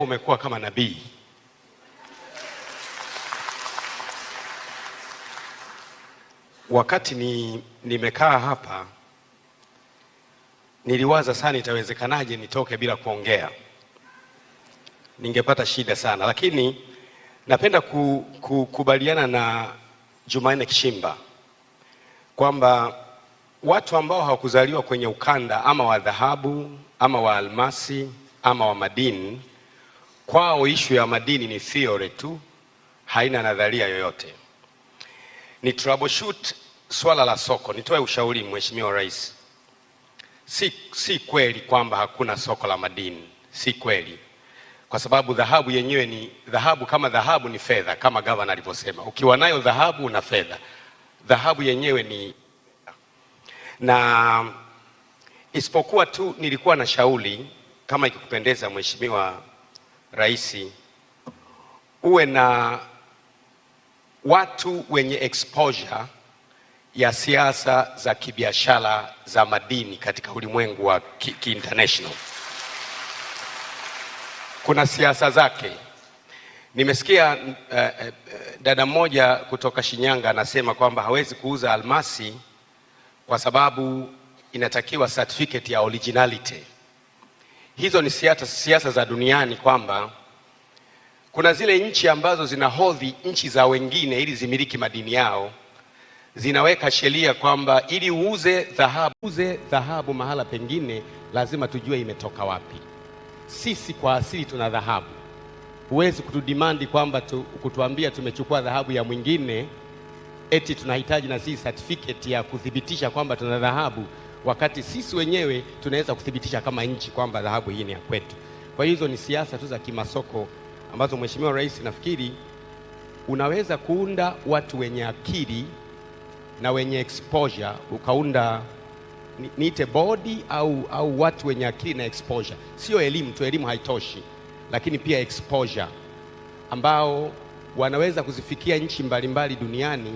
Umekuwa kama nabii. Wakati ni nimekaa hapa niliwaza sana, itawezekanaje nitoke bila kuongea? Ningepata shida sana, lakini napenda kukubaliana na Jumanne Kishimba kwamba watu ambao hawakuzaliwa kwenye ukanda ama wa dhahabu ama wa almasi ama wa madini Kwao ishu ya madini ni theory tu, haina nadharia yoyote. Ni troubleshoot swala la soko. Nitoe ushauri, Mheshimiwa Rais, si, si kweli kwamba hakuna soko la madini, si kweli kwa sababu dhahabu yenyewe ni dhahabu, kama dhahabu ni fedha, kama gavana alivyosema, ukiwa nayo dhahabu una fedha. Dhahabu yenyewe ni na, isipokuwa tu nilikuwa na shauri, kama ikikupendeza Mheshimiwa rais uwe na watu wenye exposure ya siasa za kibiashara za madini katika ulimwengu wa kiinternational ki kuna siasa zake. Nimesikia uh, uh, dada mmoja kutoka Shinyanga anasema kwamba hawezi kuuza almasi kwa sababu inatakiwa certificate ya originality. Hizo ni siasa, siasa za duniani kwamba kuna zile nchi ambazo zinahodhi nchi za wengine ili zimiliki madini yao, zinaweka sheria kwamba ili uuze dhahabu, uuze dhahabu mahala pengine, lazima tujue imetoka wapi. Sisi kwa asili tuna dhahabu, huwezi kutudimandi kwamba tu, kutuambia tumechukua dhahabu ya mwingine eti tunahitaji na sisi certificate ya kuthibitisha kwamba tuna dhahabu wakati sisi wenyewe tunaweza kuthibitisha kama nchi kwamba dhahabu hii ni ya kwetu. Kwa hiyo hizo ni siasa tu za kimasoko ambazo Mheshimiwa Rais, nafikiri unaweza kuunda watu wenye akili na wenye exposure, ukaunda niite bodi au, au watu wenye akili na exposure, sio elimu tu, elimu haitoshi, lakini pia exposure ambao wanaweza kuzifikia nchi mbalimbali duniani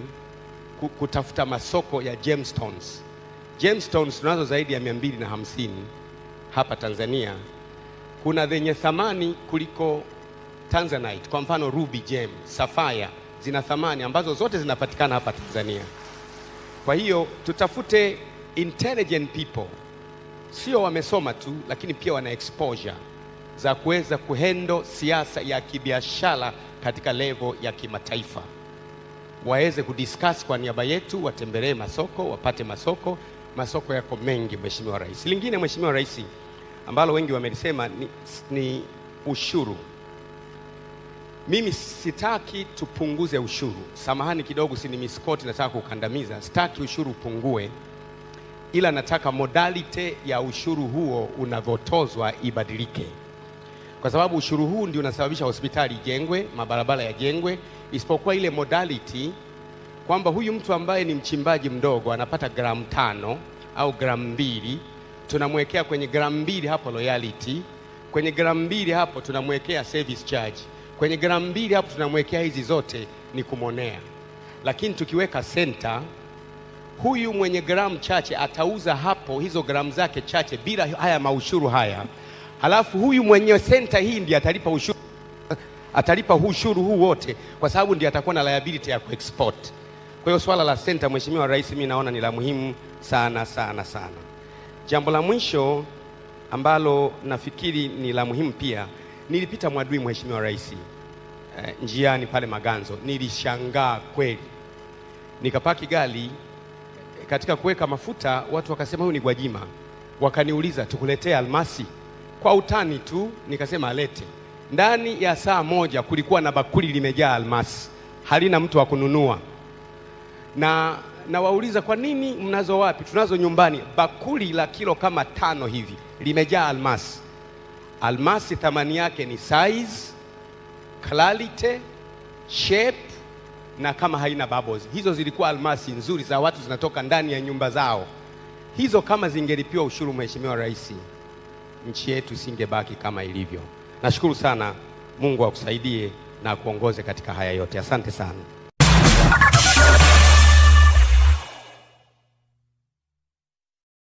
kutafuta masoko ya gemstones gemstones tunazo zaidi ya mia na hamsini hapa Tanzania. Kuna zenye thamani kuliko Tanzanite, kwa mfano ruby gem, sapphire zina thamani ambazo zote zinapatikana hapa Tanzania. Kwa hiyo tutafute intelligent people, sio wamesoma tu, lakini pia wana exposure za kuweza kuhendo siasa ya kibiashara katika levo ya kimataifa, waweze kudiscuss kwa niaba yetu, watembelee masoko, wapate masoko masoko yako mengi, Mheshimiwa Rais. Lingine Mheshimiwa Rais, ambalo wengi wamelisema ni, ni ushuru. Mimi sitaki tupunguze ushuru, samahani kidogo, si ni miskoti, nataka kukandamiza, sitaki ushuru upungue, ila nataka modalite ya ushuru huo unavyotozwa ibadilike, kwa sababu ushuru huu ndio unasababisha hospitali ijengwe, mabarabara yajengwe, isipokuwa ile modality kwamba huyu mtu ambaye ni mchimbaji mdogo anapata gramu tano au gramu mbili, tunamwekea kwenye gramu mbili hapo royalty, kwenye gramu mbili hapo tunamwekea service charge, kwenye gramu mbili hapo tunamwekea hizi zote ni kumwonea. Lakini tukiweka senta, huyu mwenye gramu chache atauza hapo hizo gramu zake chache bila haya maushuru haya, halafu huyu mwenye senta hii ndiye atalipa ushuru atalipa huu ushuru huu wote, kwa sababu ndiye atakuwa na liability ya kuexport. Kwa hiyo swala la senta, Mheshimiwa Rais, mimi naona ni la muhimu sana sana sana. Jambo la mwisho ambalo nafikiri ni la muhimu pia, nilipita Mwadui, Mheshimiwa Rais, eh, njiani pale Maganzo, nilishangaa kweli, nikapaki gari katika kuweka mafuta watu wakasema huyu ni Gwajima, wakaniuliza tukuletee almasi kwa utani tu, nikasema alete. Ndani ya saa moja kulikuwa na bakuli limejaa almasi, halina mtu wa kununua na nawauliza kwa nini mnazo wapi? Tunazo nyumbani, bakuli la kilo kama tano hivi limejaa almasi. Almasi thamani yake ni size, clarity, shape na kama haina bubbles. Hizo zilikuwa almasi nzuri za watu, zinatoka ndani ya nyumba zao. Hizo kama zingelipiwa ushuru, Mheshimiwa Rais, nchi yetu isingebaki kama ilivyo. Nashukuru sana. Mungu akusaidie na akuongoze katika haya yote. Asante sana.